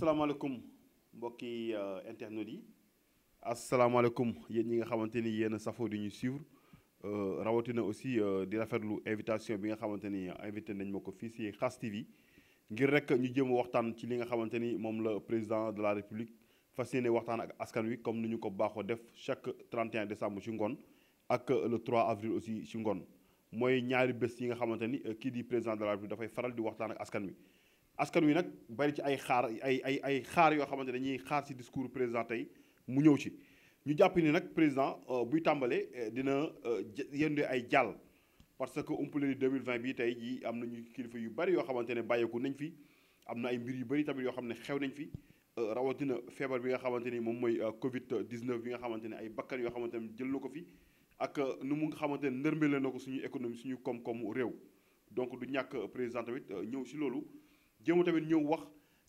asalaamaaleykum mbokki euh, internet yi asalaamaaleykum yéen ñi nga xamante ni yéen safoo di ñu suivre euh, rawatina aussi euh, di rafetlu invitation bi nga xamante ni invité nañ ma ko fii si Khass TV ngir rek ñu jëm waxtaan ci li nga xamante ni moom la président de la république fas yéene waxtaan ak askan wi comme nu ñu ko baaxoo def chaque 31 décembre ci ngoon ak le 3 avril aussi ci ngoon mooy ñaari bés yi nga xamante ni kii di président de la république dafay faral di waxtaan ak askan wi. askan wi nag bari ci ay xaar ay ay ay xaar yoo xamante dañuy xaar ci discours président tey mu ñëw ci ñu jàpp ni nag président euh, buy tàmbale euh, dina euh, yënde ay jàll parce que umpale ni 2020 bii tey jii am nañu kilifa yu bari yoo xamante ne bàyyeeku nañ fi am na ay mbir yu bari tamit yoo xam ne xew nañ fi rawatina feebar bi nga xamante ni moom mooy Covid 19 bi nga xamante ne ay bakkan yoo xamante ne jël na ko fi ak nu mu nga xamante ne ndërmale na ko suñu économie suñu koom réew donc du ñàkk président tamit ñëw ci loolu. jéem tamit ñëw wax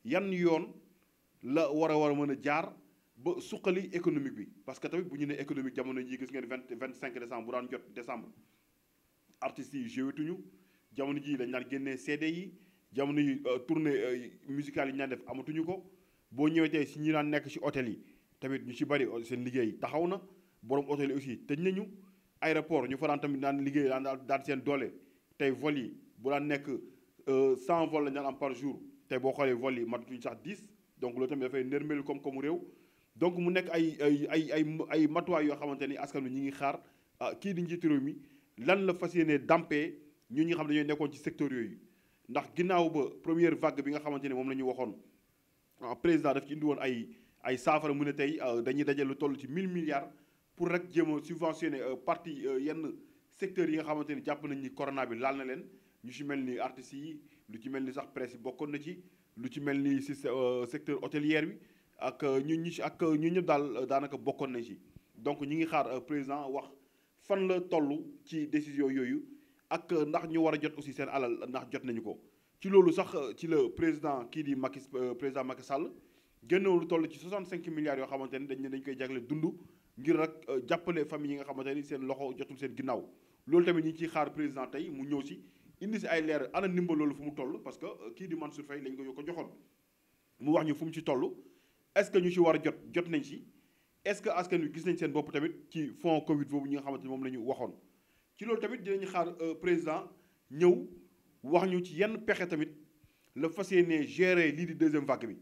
yan yoon la war a war a mën a jaar ba suqali économique bi parce que tamit bu ñu nee économique jamono jii gis ngeen vingt vingt cinq décembre bu daan jot décembre artistes yi jouetuñu jamono jii dañ daan génnee CD yi jamono yi euh, tournée euh, musicale yi ñu daan def amatuñu ko boo ñëwee tey si ñu daan nekk si hôtel yi tamit ñu si bëri euh, seen liggéey taxaw na borom hôtel yi aussi tëj nañu aéroport ñu fa daan tamit daan liggéey daan daan seen doole tey vol yi bu nekk Euh, cent vol la ñu am par jour te boo xoolee vol yi matuñu sax dix donc loolu tamit dafay nërmeel koom-koomu réew donc mu nekk ay ay ay ay ay matuwaay yoo xamante ni askan ñu ngi xaar ah, kii di njiitu réew lan la fas yéenee dampee ñu ñi nga xam ne dañoo nekkoon ci secteur yooyu ndax ginnaaw ba première vague bi nga xamante ne moom la ñu waxoon ah, président daf ci indi woon ay ay saafara mu ne tey ah, dañuy dajal lu toll ci mille milliards pour rek jéem a subventionné euh, partie euh, yenn secteurs yi nga xamante ni jàpp nañ ni corona bi laal na leen ñu ci mel ni artistes yi lu ci mel ni sax presse yi bokkoon na ci lu ci mel ni si euh, secteur hôtelier bi ak ñu euh, ñu ci ak euh, ñu ñëpp daal daanaka bokkoon nañ ci donc ñu ngi xaar président wax fan la toll ci décision yooyu ak ndax ñu war a jot aussi seen alal ndax jot nañu ko ci loolu sax ci la président kii di Macky président Macky Sall génnew lu toll ci 65 milliards yoo xamante ni dañ dañ koy jagle dund ngir rek jàppale famille yi nga xamante ni seen loxo jotul seen ginnaaw loolu tamit ñu ngi xaar président tey mu ñëw si indi si ay leer ana ndimbal loolu fu mu toll parce que euh, kii di Mansour Faye lañ ko ko joxoon mu wax ñu fu mu ci toll est-ce que ñu ci war a jot jot nañ si est-ce que askan wi gis nañ seen bopp tamit ci fonds Covid boobu ñi nga xamante ni moom lañu waxoon. ci loolu tamit dinañ xaar euh, président ñëw wax ñu ci yenn pexe tamit la fas ne gere lii di deuxième vague bi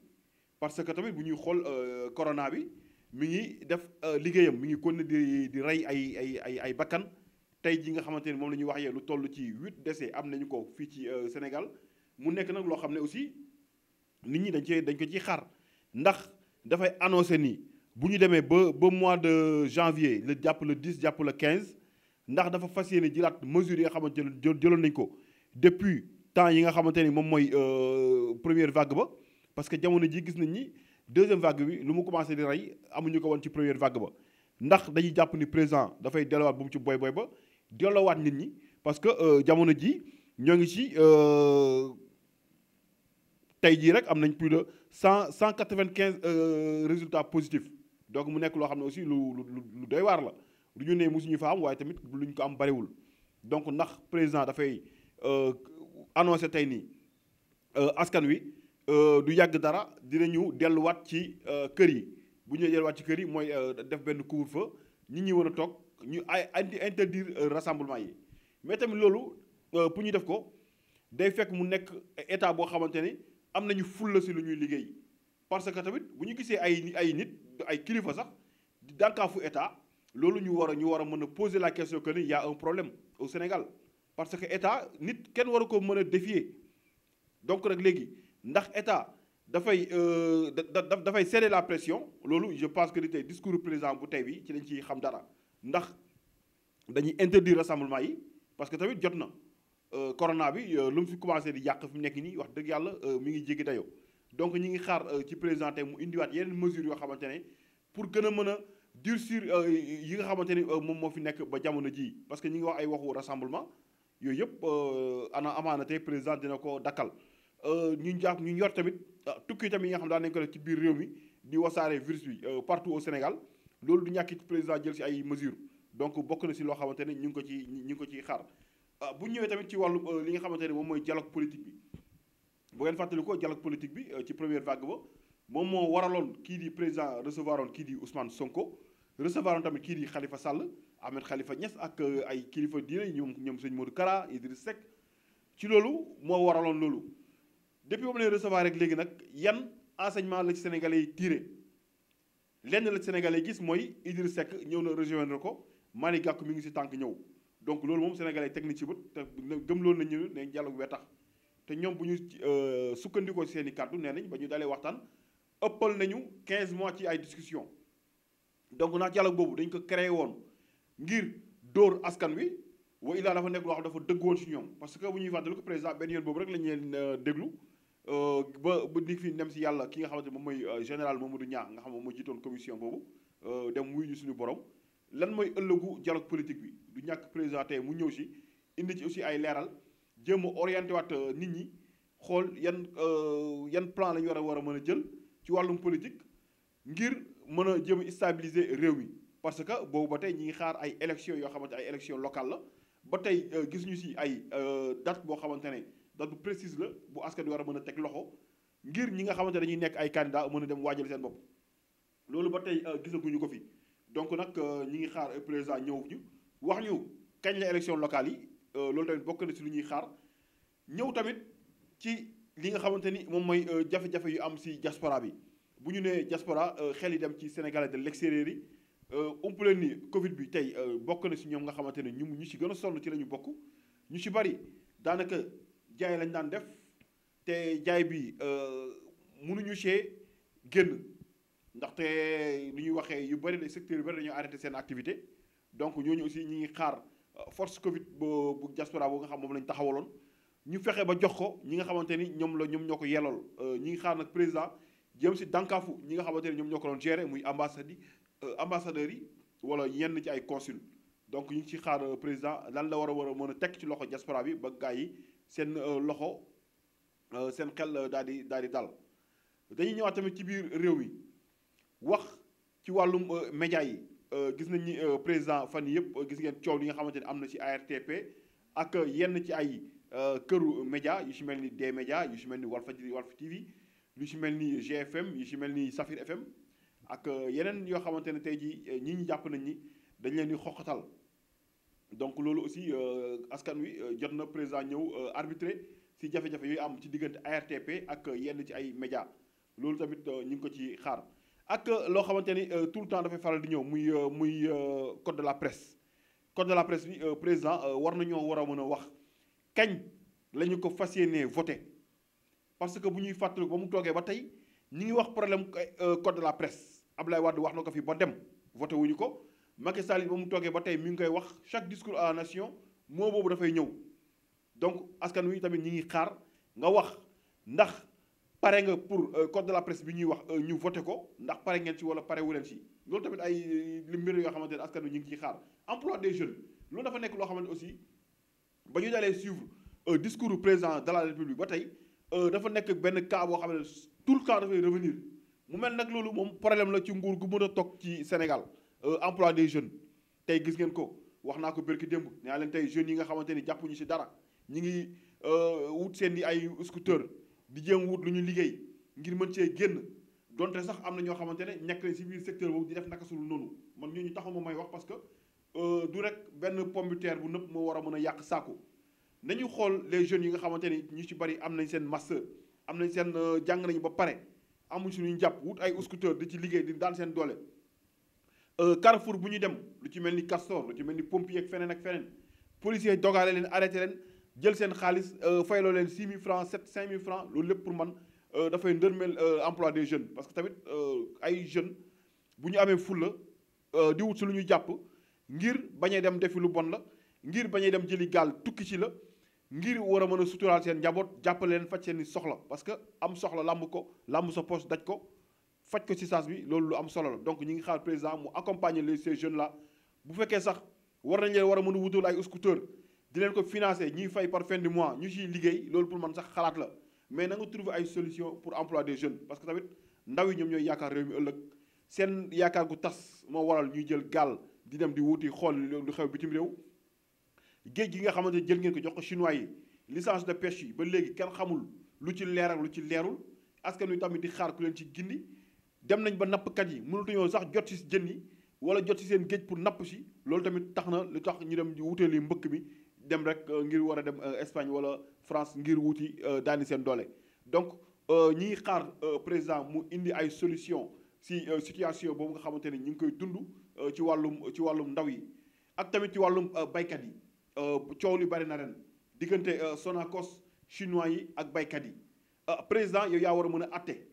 parce que tamit bu ñuy xool euh, corona bi mi ngi def liggéeyam mu ngi kon di di rey ay ay ay bakkan. tey ji nga xamante ni moom la ñuy wax yee lu toll ci huit décès am nañu ko fii ci euh, Sénégal mu nekk nag loo xam ne aussi nit ñi dañ cee dañ ko ciy xaar ndax dafay annoncé ni bu ñu demee ba ba mois de janvier le jàpp le 10 jàpp le 15 ndax dafa fas yéene jëlaat mesures yi nga xamante ne jëloon nañ ko depuis temps yi nga xamante ni moom mooy euh, première vague ba parce que jamono ji gis nañ ni deuxième vague bi lu mu commencé di rey amuñu ko woon ci première vague ba ndax dañuy jàpp ni président dafay delluwaat bu ci boy boy ba delloowaat nit ñi parce que euh, jamono ji ñoo ngi ci euh, tey jii rek am nañ plus de cent cent quatre vingt quinze euh, résultat positif donc mu nekk loo xam ne aussi lu lu lu waar la lu ñu ne mosuñu fa am waaye tamit ñu ko am bariwul donc ndax président dafay annoncé tey nii askan wi du yàgg dara dina dinañu delluwaat ci kër yi bu ñu delluwaat ci kër yi mooy def benn couvre fa nit ñuy war a toog. ñu ay interdire euh, rassemblement yi mais tamit loolu euh, pour ñu def ko day fekk mu nekk état boo xamante ne am nañu fulla si lu ñuy liggéey parce que tamit bu ñu gisee ay ay nit ay kilifa sax di dànkaafu état loolu ñu war a ñu war a mën a poser la question que ni y a problème au Sénégal parce que état nit kenn war a ko mën a défier donc rek léegi ndax état dafay euh, da dafay serrer la pression loolu je pense que di tey discours président bu tey bi ci lañ ciy xam dara ndax dañuy interdire rassemblement yi parce que tamit jot na euh, corona bi euh, lu mu fi commencé di yàq fi mu nekk nii wax dëgg yàlla euh, mi ngi jéggi dayoo donc ñi ngi xaar ci président tey mu indiwaat yeneen mesures yoo xamante ne pour gën a mën a durcir yi nga xamante ni moom moo fi nekk ba jamono jii parce que ñi ngi wax ay waxu rassemblement yooyu yëpp ana amaana tey président dina ko dakkal ñu jàpp ñu yor tamit ah, tukki tamit yi nga xam daan nañ ko def ci biir réew mi di wasaare virus bi partout au Sénégal loolu du ñàkk ci président jël si ay mesures donc bokk na si loo xamante ne ñu ngi ko ci ñu ngi ko ciy xaar ah, bu ñëwee tamit ci wàllu euh, li nga xamante ni moom mooy dialogue politique bi boo ngeen fàttali ko dialogue politique bi euh, ci première vague ba moom moo waraloon kii di président recevoir kii di Ousmane Sonko recevoir tamit kii di Khalifa Sall Ahmed xalifa ñes ak euh, ay kilifa diine ñoom ñoom sëñ Modou Kara Idriss Seck ci loolu moo waraloon loolu depuis ba mu leen recevoir rek léegi nag yan enseignement la ci sénégalais yi lenn la sénégalais gis mooy Idriss Seck ñëw na rejoindre ko Malick Gakou mi ngi si tànk ñëw donc loolu moom sénégalais teg na ci bët te gëm loolu nañu ne dialogue wee tax te ñoom bu ñu euh, sukkandikoo seen i kàddu nee nañ ba ñu dalee waxtaan ëppal nañu 15 mois ci ay discussion donc ndax dialogue boobu dañ ko créé woon ngir dóor askan wi wa illaa dafa nekk loo xam dafa dëgg woon si ñoom parce que bu ñuy fàttali ko président benn yoon boobu rek la ñu leen euh, déglu Euh, ba ba ni fi dem si yàlla ki nga xamante ne moom mooy euh, général moom du Niang nga xam moom moo jiitoon commission boobu euh, dem wuyu ñu suñu borom lan mooy ëllëgu dialogue politique bi du ñàkk président tey mu ñëw si indi ci aussi ay leeral jéem a orienté waat nit ñi xool yan yan plan la ñu war a war a mën a jël ci wàllum politique ngir mën a jéem a réew mi parce que boobu ba tey ñi ngi xaar ay élections yoo xamante ay élections locales la ba tey gis ñu si ay date boo xamante ne. date bu précise la bu askan wi war a mën a teg loxo ngir ñi nga xamante dañuy nekk ay candidat mën a dem waajal seen bopp loolu ba tey euh, gisaguñu ko fi donc nag euh, ñi ngi xaar président ñëw ñu wax ñu kañ la élection locale yi euh, loolu tamit bokk na si lu ñuy xaar ñëw tamit ci li nga xamante ni moom mooy jafe-jafe yu am si jaspora bi bu ñu nee jaspora xel yi dem ci sénégalais de l'extérieur yi ump leen ni Covid bi tey bokk na si ñoom nga xamante ne ñu ñu si gën a sonn ci la ñu bokk ñu si bari daanaka. jaay lañ daan def te jaay bi euh, mënuñu see génn ndaxte lu ñuy waxee yu bari la secteur yu bëri dañoo arrêté seen activité donc ñooñu aussi ñi ngi xaar euh, force Covid bu bu diaspora bu nga xam moom lañ taxawaloon ñu fexe ba jox ko ñi nga xamante ni ñoom la ñoom ñoo ko yelool euh, ñi ngi xaar nag président jëm si dànkaafu ñi nga xamante ni ñoom ñoo ko doon gérer muy ambassade ambassadeurs yi wala yenn ci ay consul donc ñu ngi ci xaar président lan la war a war a mën a teg ci loxo diaspora bi ba gars yi seen euh, loxo euh, seen xel euh, daal di daal di dal dañuy ñëwaat tamit ci biir réew mi wax ci wàllum média yi gis nañ ni président fan yëpp gis ngeen coow li nga xamante ne am na ci ARTP ak yenn ci ay këru média yu ci mel ni D média yu ci mel ni Walfadjri Walf TV yu ci mel ni GFM yu ci mel ni Safir FM ak yeneen yoo xamante ne tey jii ñi ñu jàpp nañ ni dañ leen di xoqatal donc loolu aussi euh, askan wi euh, jot na président ñëw euh, arbitré si jafe-jafe yooyu am ci diggante ARTP ak yenn ci ay médias loolu tamit ñu ngi ko ci xaar ak loo xamante ni tout le temps dafay faral di ñëw muy muy code de la presse code de la presse bi président war nañoo war a mën a wax kañ la ko fas yéenee voté parce que bu ñuy fàttali ba mu toogee ba tey ñu ngi wax problème code de la presse Abdoulaye Wade wax na ko fii ba dem voté wuñu ko. Macky Sall ba mu toogee ba tey mi ngi koy wax chaque discours à la nation moo boobu dafay ñëw donc askan wi tamit ñi ngi xaar nga wax ndax pare nga pour euh, code de la presse bi ñuy wax euh, ñu voté ko ndax pare ngeen ci wala pare wu leen si loolu tamit ay li mbir yoo xamante ne askan wi ñu ngi ci xaar emploi des jeunes loolu dafa nekk loo xamante aussi ba ñu dalee suivre euh, discours du président de la république ba tey dafa nekk benn cas boo xam ne tout le temps dafay revenir mu mel nag loolu moom problème la ci nguur gu mën a toog ci Sénégal. Euh, emploi des jeunes tey gis ngeen ko wax naa ko bërki démb ñaa naa leen tey jeunes yi nga xamante ni jàppuñu si dara ñi ngi euh, wut seen di ay scooter di jéem lu ñu liggéey ngir mën cee génn donte sax am na ñoo xamante ne ñekk si biir secteur boobu di def naka sul noonu man ñu taxu ma may wax parce que euh, du rek benn pomme bu nëpp moo war a mën a yàq saako ñu xool les jeunes yi nga xamante ni ñu ci bari am nañ seen master am nañ seen jàng nañu ba pare amuñ suñu jàpp wut ay scooter di ci liggéey di daan seen doole Euh, Carrefour bu ñu dem lu ci mel ni Castor lu ci mel ni pompier ak feneen ak feneen policier dogaale leen arrêté leen jël seen xaalis euh, fayloo leen 6 000 francs 7 5 000 francs loolu lépp pour man euh, dafay ndërmeel emploi des jeunes parce que tamit ay jeunes bu ñu amee fulla di wut si lu ñuy jàpp ngir bañee dem defi lu bon la ngir bañee dem jëli gaal tukki ci la ngir war a mën a suturaal seen njaboot jàppale leen faj seen i soxla parce que am soxla làmb ko làmb sa poche daj ko faj ko ci saas bi loolu lu am solo la donc ñu ngi xaar président mu accompagner les ces jeunes là bu fekkee sax war nañ leen war a mën a wutal ay scooter di leen ko financé ñuy fay par fin mois ñu ciy liggéey loolu pour man sax xalaat la mais na nga trouver ay solution pour emploi des jeunes parce que tamit ndaw yi ñoom ñooy yaakaar réew mi ëllëg seen yaakaar gu tas moo waral ñuy jël gaal di dem di wuti xool lu xew bitim réew géej gi nga xamante jël ngeen ko jox ko chinois yi licence de pêche yi ba léegi kenn xamul lu ci leer lu ci leerul askan wi tamit di xaar leen ci gindi dem nañ ba nappkat yi mënatuñoo sax jot si jën yi wala jot si seen géej pour napp si loolu tamit tax na lu tax ñu dem wuteeli mbëkk mi dem rek euh, ngir war a dem euh, Espagne wala France ngir wuti euh, daani seen doole donc ñi xaar président mu indi ay solution si situation boobu nga xamante ni ñu ngi koy dund ci wàllum ci wàllum ndaw yi ak tamit ci wàllum baykat yi coow li bari na ren diggante Sonacos chinois yi ak baykat yi président yow yaa war a mën a atte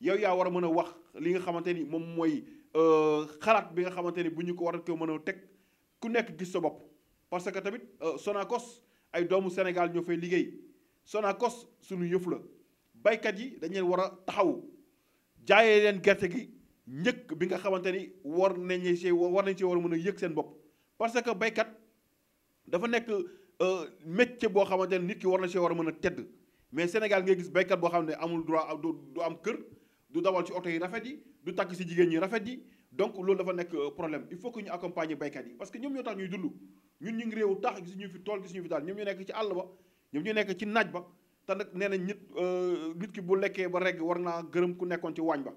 yow yaa war a mën a wax li nga xamante ni moom mooy euh, xalaat bi nga xamante ni bu ñu ko war a ko mën a teg ku nekk gis sa bopp parce que tamit euh, sonakos ay doomu Sénégal ñoo fay liggéey Sonacos suñu yëf la baykat yi dañ leen war a taxaw jaayee leen gerte gi njëkk bi nga xamante ni war nañ see war nañ see war a mën a yëg seen bopp parce que baykat dafa nekk euh, métier boo xamante ni nit ki war na see war a mën a tedd mais Sénégal ngay gis baykat boo xam ne amul droit du am kër du dawal ci oto yi rafet yi du takk si jigéen ñi rafet yi donc loolu dafa nekk euh, problème il faut que ñu accompagner baykat yi parce que ñoom ñoo tax ñuy dund ñun ñu ngi réew tax gisuñu fi tool gisuñu fi daal ñoom ñu nekk ci àll ba ñoom ñu nekk ci naaj ba te nag nee na nit euh, nit ki bu lekkee ba regg war naa gërëm ku nekkoon ci waañ ba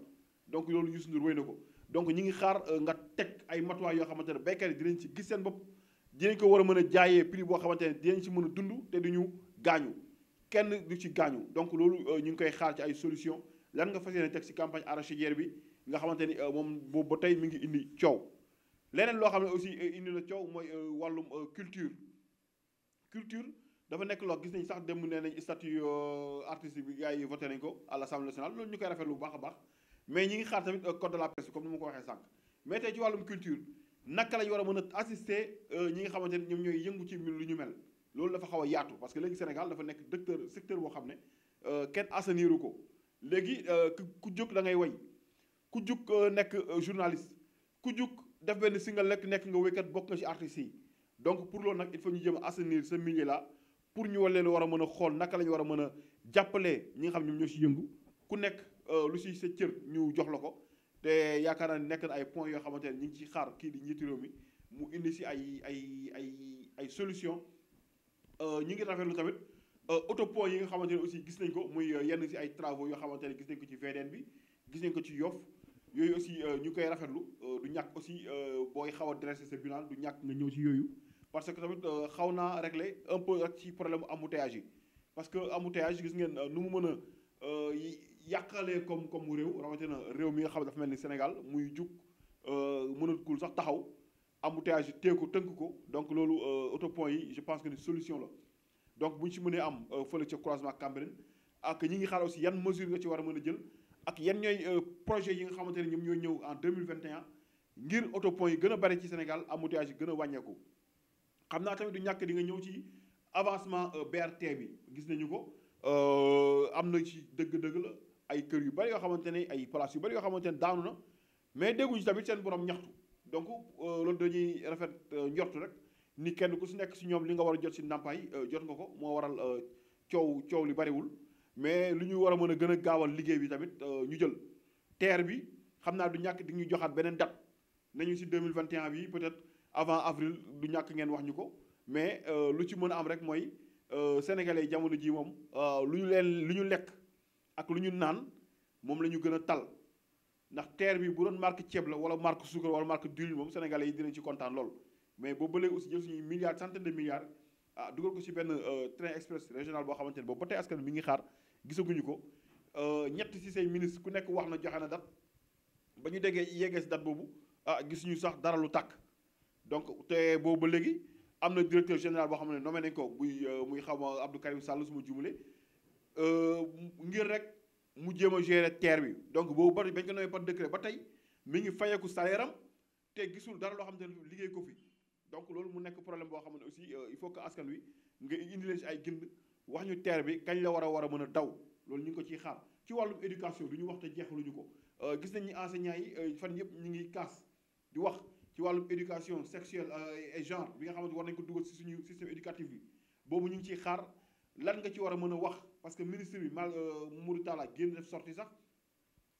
donc loolu Youssou Ndour wéy na ko donc ñu ngi xaar euh, nga teg ay matuwaay yoo xamante ne baykat yi dinañ ci gis seen bopp dinañ ko war a mën a jaayee prix boo xamante ne dinañ ci mën a dund te duñu gaañu kenn du ci gaañu donc loolu ñu ngi koy xaar ci ay solution lan nga fas yéene teg si campagne arachidière bi nga xamante ni euh, moom boobu ba tey mi ngi indi coow leneen loo xam ne aussi euh, indi na mooy euh, wàllum culture culture dafa nekk loo gis nañ sax dem nee nañ statut artistique bi gars yi voté ko à l'Assemblée nationale loolu ñu koy rafetlu lu baax a baax mais ñi ngi xaar tamit code de la presse comme ni ma ko waxee sànq mais tey ci wàllum culture naka lañ war a mën a assister ñi nga xamante ni ñoom ñooy yëngu ci lu ñu mel loolu dafa xaw a yaatu parce que léegi Sénégal dafa nekk docteur secteur boo xam ne kenn assaniru ko léegi euh, ku jóg da ngay way ku jóg euh, nekk euh, journaliste ku jóg def benn si nga lekk nekk nga wéykat bokk nga ci artistes yi donc pour loolu nag il faut ñu jéem a assainir ce la pour ñu war leen war a mën a xool naka lañu war a mën a jàppale ñi nga xam ñoom ñoo ci yëngu ku nekk lu si sa cër ñu jox la ko te yaakaar naa ne nekk na ay points yoo xamante ne ñu ngi ci xaar kii di njiitu réew mi mu indi si ay ay ay ay solution ñu ngi rafetlu tamit auto euh, autopont yi nga xamante ne aussi gis nañ ko muy euh, yenn si ay travaux yoo xamante ne gis nañ ko ci VDN bi gis nañ ko ci Yoff yooyu aussi euh, ñu koy rafetlu du ñàkk aussi booy xaw a dressé sa bilan du ñàkk nga ñëw ci yooyu parce que tamit xaw naa réglé un peu rek ci problème embouteillage yi parce que embouteillage gis ngeen nu mu mën a yàqalee comme comme réew na réew mi nga xam dafa mel ni Sénégal muy jug mënatul sax taxaw embouteillage yi teeku tënk ko donc loolu autopont yi je pense que ni solution la donc bu ñu ci mënee am euh, fële ca croisement Cambérène ak ñi ngi xaar si yan mesure nga ci war a mën a jël ak yan ñooy euh, projet yi nga xamante ne ñoom ñooy ñëw en 2021 ngir autopont yi gën a bari ci Sénégal embouteillage yi gën a wàññeeku xam naa tamit du ñàkk di nga ñëw ci avancement euh, BRT bi gis nañu ko am na ci dëgg-dëgg la ay kër yu bari yoo xamante ne ay place yu bari yoo xamante ne daanu na mais dégguñu tamit seen borom ñaxtu donc loolu dañuy rafet njortu rek ni kenn ku si nekk si ñoom li nga war a jot si ndàmpaay euh, jot nga ko moo waral euh, coow coow li bariwul mais lu ñu war a mën a gën a gaawal liggéey bi tamit euh, ñu jël terre bi xam naa du ñàkk di ñu joxaat beneen date nañu si 2021 bi peut-être avant avril du ñàkk ngeen wax ñu ko mais lu ci mën a am rek mooy sénégalais yi jamono ji moom lu ñu leen lu ñu lekk ak lu ñu naan moom lañu gën a tal ndax terre bi bu doon marque ceeb la wala marque suukar wala marque diwlin moom sénégalais yi dinañ ci kontaan lool mais boobu ba léegi aussi jël suñuy milliards centaine de milliards ah dugal ko si benn euh, train express régional boo xamante ne boobu ba tey askan mi ngi xaar gisaguñu ko euh, ñett si say ministre ku nekk wax na joxe na dat ba ñu déggee yeggee si dat boobu ah gisuñu sax dara lu tàkk donc te boobu ba léegi am na directeur général boo xam ne nommé nañ ko buy euh, muy xaw ma Abdou Karim Sall su ma jumale ngir rek mu jéem a gérer terre bi donc boobu ba bañ ko nommé par ba tey mi ngi fayeeku salaire am te gisul dara loo xam ne liggéey ko fi donc loolu mu nekk problème boo xam ne aussi euh, il faut que askan wi nga indi leen si ay gind wax ñu TER bi kañ la war a war a mën a daw loolu ñu ngi ko ciy xaar ci wàllum éducation du ñu wax te jeex lu ñu ko euh, gis nañ ni enseignants yi euh, fan yëpp ñu ngi kaas di wax ci wàllum éducation sexuelle et genre bi nga xamante war nañ ko dugal si suñu système éducatif bi boobu ñu ngi ciy xaar lan nga ci war a mën a wax parce que ministre bi mal Mourou Talla génn def sorti sax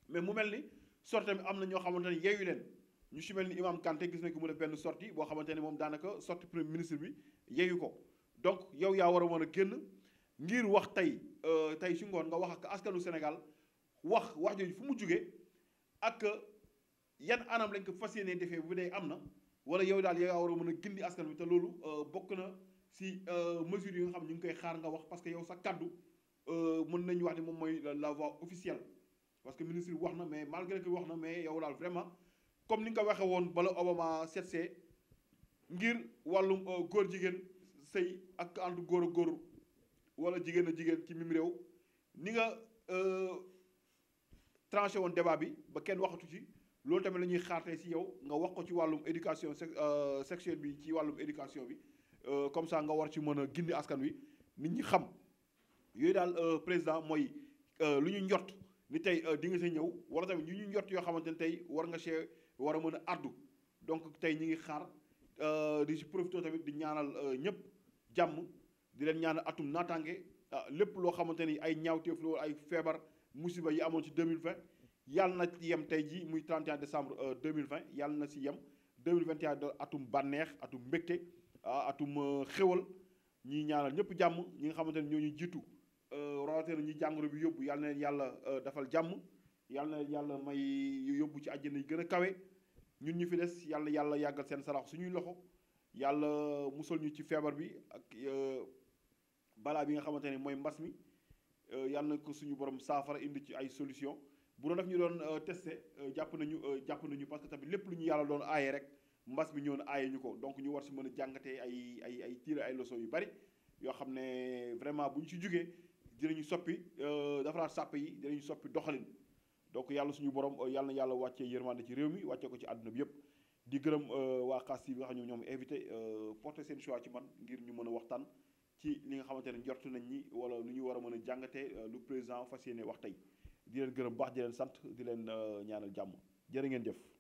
mais mu mel ni sorte bi am na ñoo xamante ne yeeyu leen ñu ci mel ni Imam Kanté gis nañ ko mu def benn sortie boo xamante ne moom daanaka sortie premier ministre bi yeyu ko donc yow yaa war a mën a génn ngir wax tey euh, tey si ngoon nga wax ak askanu Sénégal wax wax jooju fu mu jógee ak yan anam lañ ko fas yéenee defee bu dee am na wala yow daal yow yaa war a mën a gindi askan bi te loolu euh, bokk na ci euh, mesures yi nga xam ñu ngi koy xaar nga wax parce que yow sa kaddu mën nañu wax ni moom mooy la voix officielle parce que ministre bi wax na mais malgré que wax na mais yow daal vraiment. comme ni nga ko waxee woon bala Obama seetsee ngir wàllum euh, góor jigéen sëy ak ànd góor a góor wala jigéen a jigéen ci mim réew ni nga euh, tranché woon débat bi ba kenn waxatu ci loolu tamit la ñuy xaartee si yow nga wax ko ci wàllum éducation euh, sexuelle bi ci wàllum éducation bi comme ça nga war ci mën a gindi askan wi nit ñi xam yooyu daal président mooy lu ñu njot ni tey di nga see ñëw wala tamit ñu ñu yoo xamante ne tey war nga see war a mën a addu donc tey ñi ngi xaar euh, di si profité tamit di ñaanal euh, ñëpp jàmm di leen ñaanal atum naataange ah, lépp loo xamante ni ay ñaaw ñaawteef la ay feebar musiba yi amoon ci 2020 yàlla na ci yem tey jii muy euh, deux mille 2020 yàlla na si yem 2021 da atum bànneex atum mbégte ah, atum xéwal ñi ñaanal ñëpp jàmm ñi nga xamante ni ñoo ñu jiitu rawatina ñi jàngoro bi yóbbu yàlla na leen yàlla defal jàmm yàlla na yàlla may yóbbu ci àjjana yi gën a kawe ñun ñu fi des yàlla yàlla yàggal seen sarax suñuy loxo yàlla musal ñu ci feebar bi ak euh, balaa bi nga xamante ne mooy mbas mi euh, yàlla na ko suñu borom saafara indi ci ay solution bu doon daf ñu doon euh, testé jàpp nañu jàpp nañu parce que lépp lu ñu yàlla doon aaye rek mbas mi ñëw na aaye ñu ko donc ñu war si mën a jàngatee ay ay ay tiir yu bari yoo xam ne vraiment bu ñu si jógee dinañu soppi defaraat sàpp yi dinañu soppi doxalin donc yàlla suñu borom euh, yàlla na yàlla wàccee yërmande ci réew mi wàccee ko ci àdduna bi yëpp di gërëm euh, waa Xaas TV bi nga xam ñoom invité euh, porté seen choix ci man ngir ñu mën a waxtaan ci li nga xamante ne njortu nañ ñi wala lu ñu war a mën a jàngatee lu président fas yéene wax tey di leen gërëm baax di leen sant di leen ñaanal jàmm jërë ngeen jëf